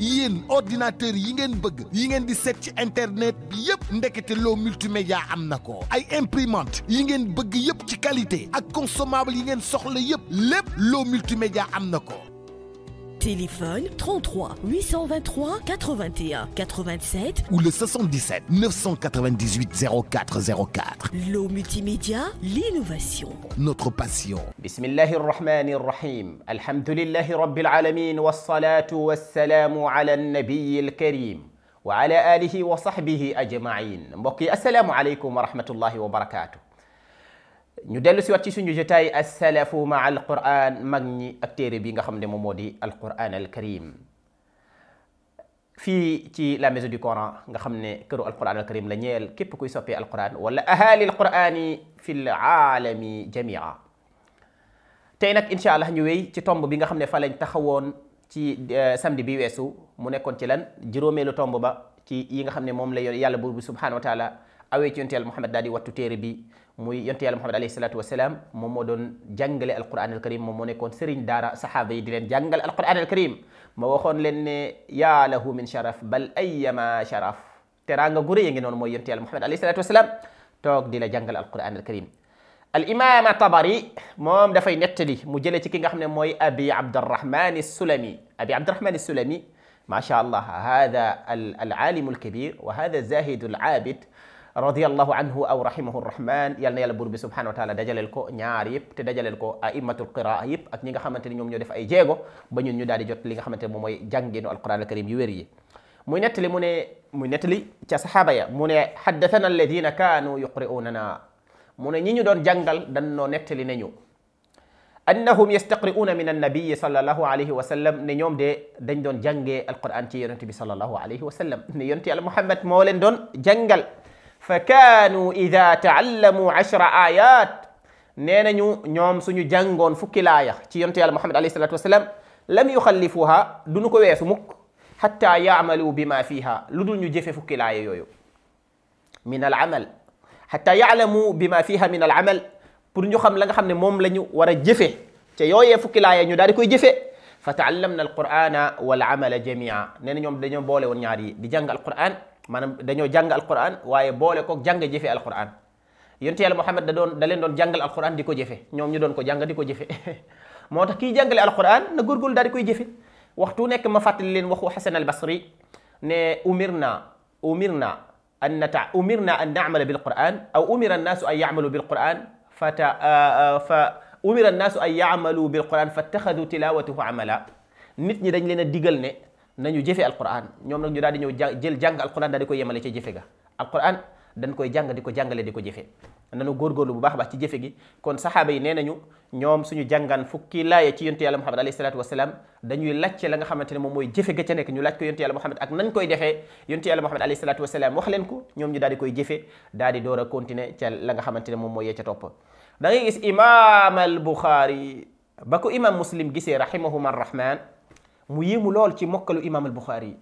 yéen ordinateur yi ngeen bëgg yi ngeen di seet ci internet bi yëpp ndekete loo multimédia am na ko ay imprimante yi ngeen bëgg yëpp ci qualité ak consommable yi ngeen soxla yëpp lépp loo multimédia am na ko Téléphone 33 823 81 87 ou le 77 998 04 04. L'eau multimédia, l'innovation. Notre passion. Bismillahir Rahmanir Rahim. Alhamdulillahi Rabbil Alamin. Wassalatu wassalamu ala al karim. Wa ala alihi wa sahbihi ajma'in. Mboki, assalamu alaikum wa rahmatullahi wa barakatuh. ñu dellu si wat ci suñu jotaay asalafu ma alquran mag ñi ak téere bi nga xam ne moom moo di alquran al karim fii ci la maison du coran nga xam ne këru alquran al karim la ñeel képp kuy soppee alquran wala ahali alqurani fi l aalami jamia tey nag incha allah ñu wéy ci tomb bi nga xam ne fa lañ taxawoon ci samedi bi weesu mu nekkoon ci lan juróomeelu tomb ba ci yi nga xam ne moom la yàlla buur bi subhanahu wa taala awee ci yonteel Muhammad daal di wattu téere bi muy yonte yàlla muhammad alayhi salatu wasalaam moom moo doon jàngale alquran alkarim mom moo nekkoon serigne dara sahaba yi di len jàngal alquran alkarim ma waxoon len ne ya lahu min sharaf bal ayyama sharaf teranga gure yi a ngi noonu mooy yontu yàlla muhammad alayhi salatu wasalaam toog di la jàngal alquran alkarim al imaam tabari moom dafay nettali mu jëlee ci ki nga xam ne mooy abi abdurrahman sulami abi abdurrahman sulami ma sha allah hada al alimu alkabir wa hada zahidu al radiallahu anhu aw rahimahu yal na yàlla buur bi subhanahu wa taala dajaleel ko ñaar yëpp te dajaleel ko aimatul qiraa yëpp ak ñi nga xamante ni ñoom ñoo def ay jéego ba ñun ñu daal di jot li nga xamante ne moom mooy jàngeenu alquran alkarim yu wér yi muy nettali mu ne muy nettali ca saxaaba ya mu ne haddathana alladina kaanu yuqri'unana mu ne ñi ñu doon jàngal dan noo nettali nañu annahum yastaqri'una min annabiyi sallallahu alayhi ne ñoom de dañ doon jàngee alquran ci yonente bi sallallahu alayhi wa sallam ne yonente yàlla muhammad moo leen فكانوا إذا تعلموا عشر آيات نينا نيو نيوم سونو جانغون فوكي لايا تي يونتي محمد عليه الصلاه والسلام لم يخلفوها دونو كو ويسو موك حتى يعملوا بما فيها لودو نيو جيفي فوكي لايا يويو من العمل حتى يعلموا بما فيها من العمل بور نيو خام لاغا خامني موم لا نيو ورا جيفي تي يويي فوكي لايا نيو داري كوي جيفي فتعلمنا القران والعمل جميعا نينا نيوم دانيو بولي ون نياري دي جانغ القران maanaam dañoo jàng alquran waaye boole kook jàng jëfe alquran yonte yàlla Muhammad da doon da leen doon jàngal alquran di ko jëfe ñoom ñu doon ko jàng di ko jëfe moo tax kiy jàngale alquran na góorgóorlu daal di koy jëfe waxtu nekk ma fàttali leen waxu Xasan al Basri ne umir naa umir naa an nata umir naa an naamala bil quran aw umira annaasu an yaamalu bil quran fata fa umira annaasu an yaamalu bil quran fattaxadu tilawatahu amala nit ñi dañ leen a digal ne nañu jëfe alquran ñoom nag ñu daal di ñëw jàng jël jàng alquran daal di ko yemale ca jëfe ga alquran dañ koy jàng di ko jàngale di ko jëfe nanu góorgóorlu bu baax a baax ci jëfe gi kon saxaaba yi nee nañu ñoom suñu jàngaan fukki laaya ci yontu yàlla muhammad alayhi salatu wasalaam dañuy laajte la nga xamante ne moom mooy jëfe ga ca nekk ñu laaj ko yontu yàlla muhammad ak nañ koy defee yontu yàlla muhammad alayhi salatu wasalaam wax leen ko ñoom ñu daal di koy jëfe daal di door a continuer ca la nga xamante ne moom mooy yee ca topp da ngay gis imam al buxaari ba ko imam muslim gisee rahimahuma arrahman mu yéemu lool ci mokkalu imaam al Buxaari yi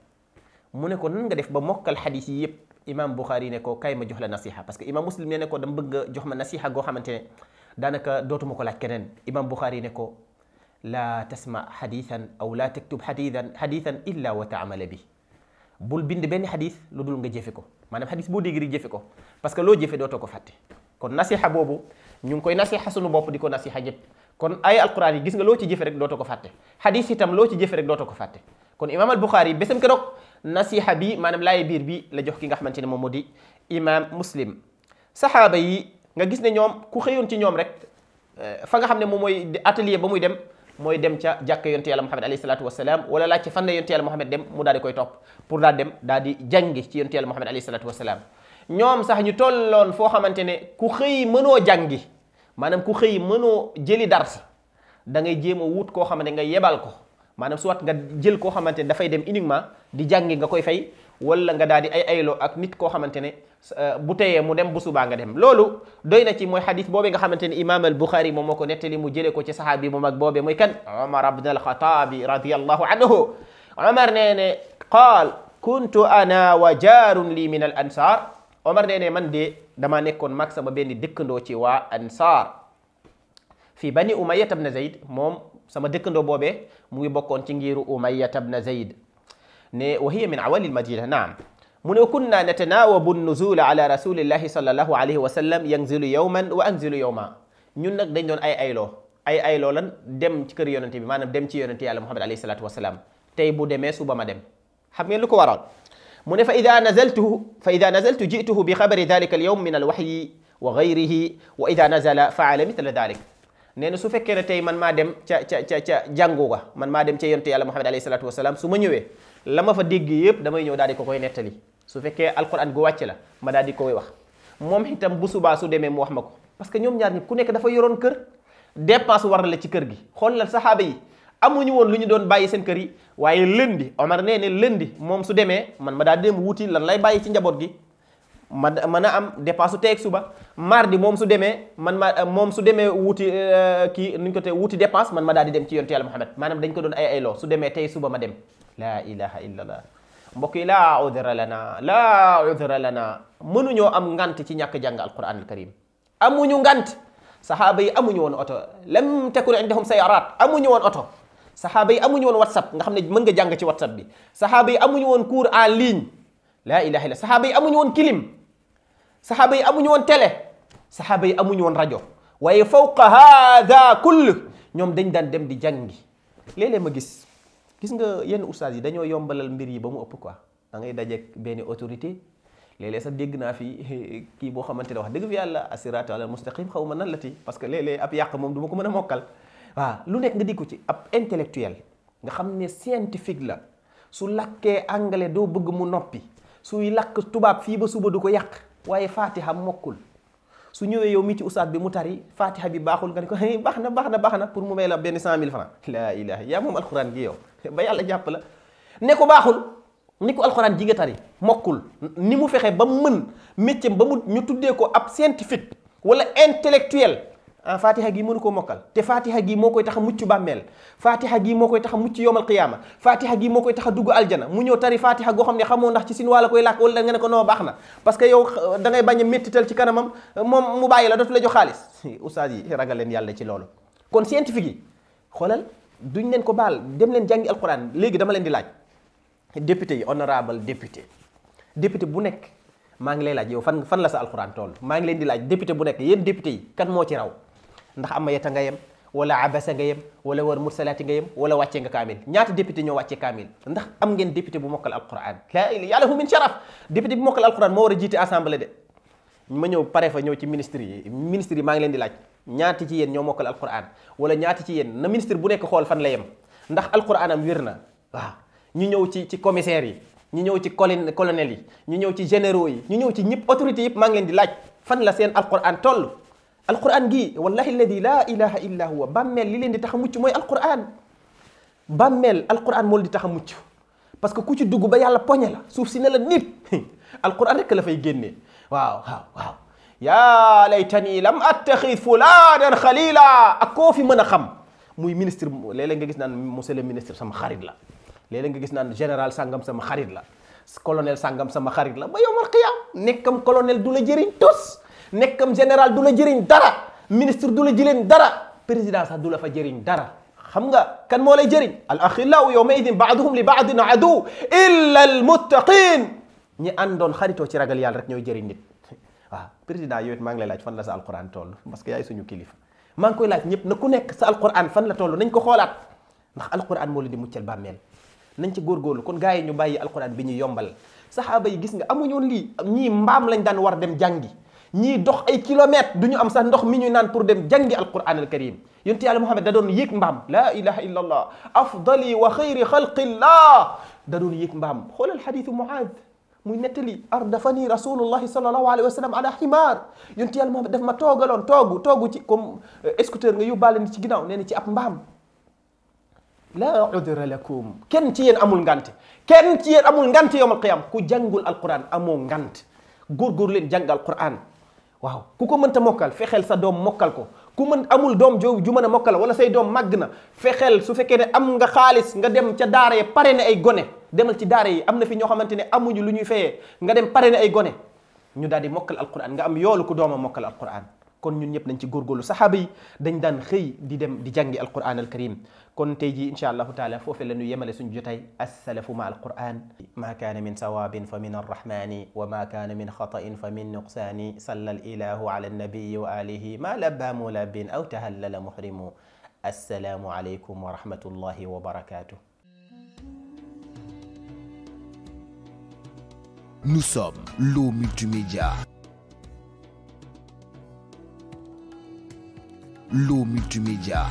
mu ne ko nan nga def ba mokkal xadis yi yëpp imaam Buxaari ne ko kay ma jox la nasiha parce que imaam Muslim ne ne ko dama bëgg a jox ma nasiha goo ne daanaka dootuma ko laaj keneen imaam Buxaari ne ko laa tasma xadisan aw laa taktub xadisan xadisan illa wa taamala bi bul bind benn xadis lu dul nga jëfe ko maanaam xadis boo dégg rek jëfe ko parce que loo jëfe dootoo ko fàtte kon nasiha boobu ñu ngi koy nasiha sunu bopp di ko nasiha ñëpp kon ay alquran yi gis nga loo ci jëfe rek doota ko fàtte hadis itam loo ci jëfe rek doota ko fàtte kon imam al buxaari bésam bi maanaam laaye biir bi la jox ki nga xamante ne moom moo di imam muslim saxaaba yi nga gis ne ñoom ku xëyoon ci ñoom rek eh, fa nga xam ne moom mooy atelier ba muy dem mooy dem ca jàkk yonte yàlla Muhammad alayhi salaatu wasalaam wala laaj ci fan la yonte yàlla Muhammad dem mu daal di koy topp pour daal dem daal di jàngi ci yonte yàlla Muhammad alayhi salaatu wasalaam ñoom sax ñu tolloon foo xamante ne ku xëy mënoo jàngi maanaam ku xëy mënoo jëli dars da ngay jéem a wut koo xamante nga yebal ko maanaam soit nga jël koo xamante ne dafay dem uniquement di jàngi nga koy fay wala nga daal di ay ayloo ak nit koo xamante ne euh, bu teyee mu dem bu subaa nga dem loolu doy na ci mooy xadis boobee nga xamante ne imaam al buxaari moom moo ko nettali mu jëlee ko ci saxaabi bu mag boobee mooy kan omar abn alxataabi radiallahu anhu omar nee ne qaal kuntu ana wa jaarun lii min al ansar omar nee ne man de dama nekkoon mag sama benn dëkkandoo ci waa ansaar fii bani umayat ibn zayd moom sama dëkkandoo boobee mu ngi bokkoon ci ibn zayd ne wa min awali lmadina naam mu ne kunna natanaawabu nuzula ala rasulillahi sallallahu alayhi wa sallam yanzilu yawman wa anzilu yawma ñun nag dañ doon ay ayloo ay ayloo lan dem ci kër yonente bi maanaam dem ci yonente yàlla muhammad alayhi salatu wasalam Tay bu demee suba ma dem xam waral mu ne fa ida nazaltuhu fa ida nazaltu jituhu bi xabari dalika al yowm min al waxyi wa gayrihi wa ida nazala faala mithla dalik nee na su fekkee ne tey man maa dem ca ca ca ca jàngu ga man maa dem ca yonte yàlla muhammad alayhi salaatu wasalaam su ma ñëwee la ma fa dégg yëpp damay ñëw daal di ko koy nettali su fekkee alquran gu wàcc la ma daal di koy wax moom itam bu subaa su demee mu wax ma ko parce que ñoom ñaar ñi ku nekk dafa yoroon kër dépense war la ci kër gi xoolal saxaaba yi amuñu woon lu ñu doon bàyyi seen kër yi waaye lëndi Omar nee ne lëndi moom su demee man ma daa dem wuti lan lay bàyyi ci njaboot gi ma mën a am dépasse teeg suba mardi moom su demee man ma moom su demee wuti euh, kii nuñ ko te wuti dépense man ma daal di dem ci yonte yàlla Muhammad maanaam dañ ko doon ay ay su demee tey suba ma dem laa ilaha illallah mbokk yi laa udra lana laa udra lana mënuñoo am ngant ci ñàkk jàng alquran al karim amuñu ngant sahaaba yi amuñu woon oto lam takun indahum sayarat amuñu woon oto saxaaba yi amuñu woon whatsapp nga xam ne mën nga jàng ci whatsapp bi saxaaba yi amuñu woon cours en ligne laa ilaha illa saxaaba yi amuñu woon clim saxaaba yi amuñu woon télé saxaaba yi amuñu woon rajo waaye fawqa hada kull ñoom dañ daan dem di jàngi léeg-léeg ma gis gis nga yenn ustaas yi dañoo yombalal mbir yi ba mu ëpp quoi da ngay dajeek benn autorité léeg sax dégg naa fi kii boo xamante ne wax dëgg fi yàlla asiraatu ala mustaqim xaw ma nan la ti parce que léeg-léeg ab yàq moom du ma ko mën a mokkal waaw lu nekk nga di ko ci ab intellectuel nga xam ne scientifique la su lakkee anglais doo bëgg mu noppi suy lakk tubaab fii ba suba du ko yàq waaye fatiha mokkul su ñëwee yow mi ci ustaat bi mu tari fatiha bi baaxul nga ne ko baax na baax na baax na pour mu may la benn cent mille francs laa ilaha yaa moom alxuraan gi yow ba yàlla jàpp la ne ko baaxul ni ko alxuraan ji nga tari mokkul ni mu fexe ba mën métier ba mu ñu tuddee ko ab scientifique wala intellectuel Euh, fatiha gi mënu ko mokkal te fatiha gi moo koy tax a mucc bàmmeel fatiha gi moo koy tax a mucc yowmal qiyaama fatiha gi moo koy tax a dugg aljana mu ñëw tari fatiha goo xam ne xamoo ndax ci sin wala koy làkk wala nga ne ko noo baax na parce que euh, a méttital ci kanamam euh, moom mu bàyyi la dootu la jox xaalis oustaz yi ragal leen yàlla ci loolu kon scientifique yi xoolal duñ leen ko baal dem leen jàngi alquran léegi dama leen di laaj député yi honorable député député bu nekk maa ngi lay laaj yow fan fan la sa alquran toll maa ngi leen di laaj député bu nekk yéen déput yi kan moo ci raw ndax am amayata nga yem wala abasa nga yem wala war mursalat nga yem wala wacce nga kamil ñaata député ñoo wacce kamil ndax am ngeen député bu mokal alquran la yàlla hu min sharaf député bu mokal alquran mo wara jité assemblée de ma ñëw pare fa ñëw ci ministère yi ministère yi maa ngi leen di laaj ñaati ci yéen ñoo mokal alquran wala ñaati ci yéen na ministère bu nek xol fan la yem ndax alquran am wirna wa ñu ñëw ci ci commissaire yi ñu ñëw ci colonel yi ñu ñëw ci généraux yi ñu ñëw ci ñëpp autorité yi ma ngi leen di laaj fan la seen alquran tollu القران جي والله الذي لا اله الا هو بامل لي لين دي تخا موي القران بامل القران مول دي تخا موتش باسكو كو تي دوغ با يالا بوغني لا سوف سي نلا نيت القران رك لا فاي генي واو واو واو يا ليتني لم اتخذ فلانا خليلا اكو في منا خم موي مينستر ليلا نغي غيس نان موسيل مينستر سام خريط لا ليلا نغي غيس نان جنرال سانغام سام خريط لا كولونيل سانغام سام خريط لا با يوم القيامه نيكام كولونيل دولا جيرين توس nekk nekkam général du la jëriñ dara ministre du la jëriñ dara président sax du la fa jëriñ dara xam nga kan moo lay jëriñ al axillaau yawma idin baaduhum li baadin adu illa al muttaqin ñi àndoon xaritoo ci ragal yàlla rek ñooy jëriñ nit waaw ah, président yow maa ngi lay fan la sa alquran toll parce que yaay suñu kilifa maa ngi koy laaj na ku nekk sa alquran fan la toll nañ ko xoolaat ndax alquran moo la di muccal bàmmeel nañ ci góorgóorlu kon gars yi ñu bàyyi alquran bi ñu yombal saxaaba yi gis nga amuñoon lii ñii mbaam lañ daan war dem jàngi ñii dox ay kilomètres du ñu am sax ndox mi ñu naan pour dem jàngi alquran al karim yonent yàlla Muhammad da doon yéeg mbaam laa ilaha illa allah afdali wa xayri xalqillah da doon yéeg mbaam xoolal xadiisu Muaad muy nettali ardafani rasulullahi sallallahu alayhi wa sallam ala ximaar yonent yàlla Muhammad daf ma toogaloon toogu toogu ci comme euh, scooter nga yóbbaale ni ci ginnaaw nee ci ab mbaam laa udra lakum kenn ci yéen amul ngante kenn ci yéen amul ngante yowm al qiyam ku jàngul alquran amoo ngant góorgóor leen jàngal quran waaw ku ko mënta mokkal fexeel sa doom mokkal ko ku mën amul doom jo ju mën a mokkal wala say doom màgg na fexeel su fekkee ne am nga xaalis nga dem ca daara ya pare ne ay gone demal ci daara yi am na fi ñoo xamante ne amuñu lu ñuy fayee nga dem pare ne ay gone ñu daal di mokkal alquran nga am yoolu ku doomam mokkal alquran kon ñun ñep nañ ci gorgolu saxaaba yi dañ xëy di dem di jàngi alquran al kon tay ji inshallah taala fofé lañu yemale suñu as-salafu ma alquran ma kana min sawabin fa min arrahmani wa ma kana min khata'in fa min nuqsaani salla al ilahu ala an-nabiy wa alihi ma labba mulabin aw tahallala muhrimu assalaamu alaykum wa rahmatullahi wa barakatuh Nous sommes l'eau multimédia. l'eau multimédia.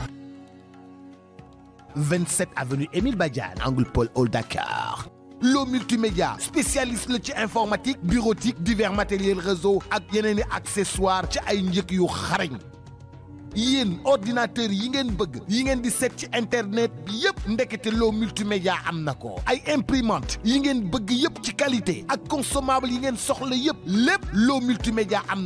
27 avenue Émile Badian, Angle Paul Hall Dakar. L'eau multimédia spécialiste le informatique bureautique divers matériels réseau ak accessoires ci ay njëkk yu xarañ. Yeen ordinateur yi ngeen bëgg yi ngeen di set ci internet bi ndekete l'eau multimédia am A ko ay imprimante yi ngeen bëgg yëpp ci qualité ak consommable yi ngeen soxla yëpp lépp multimédia am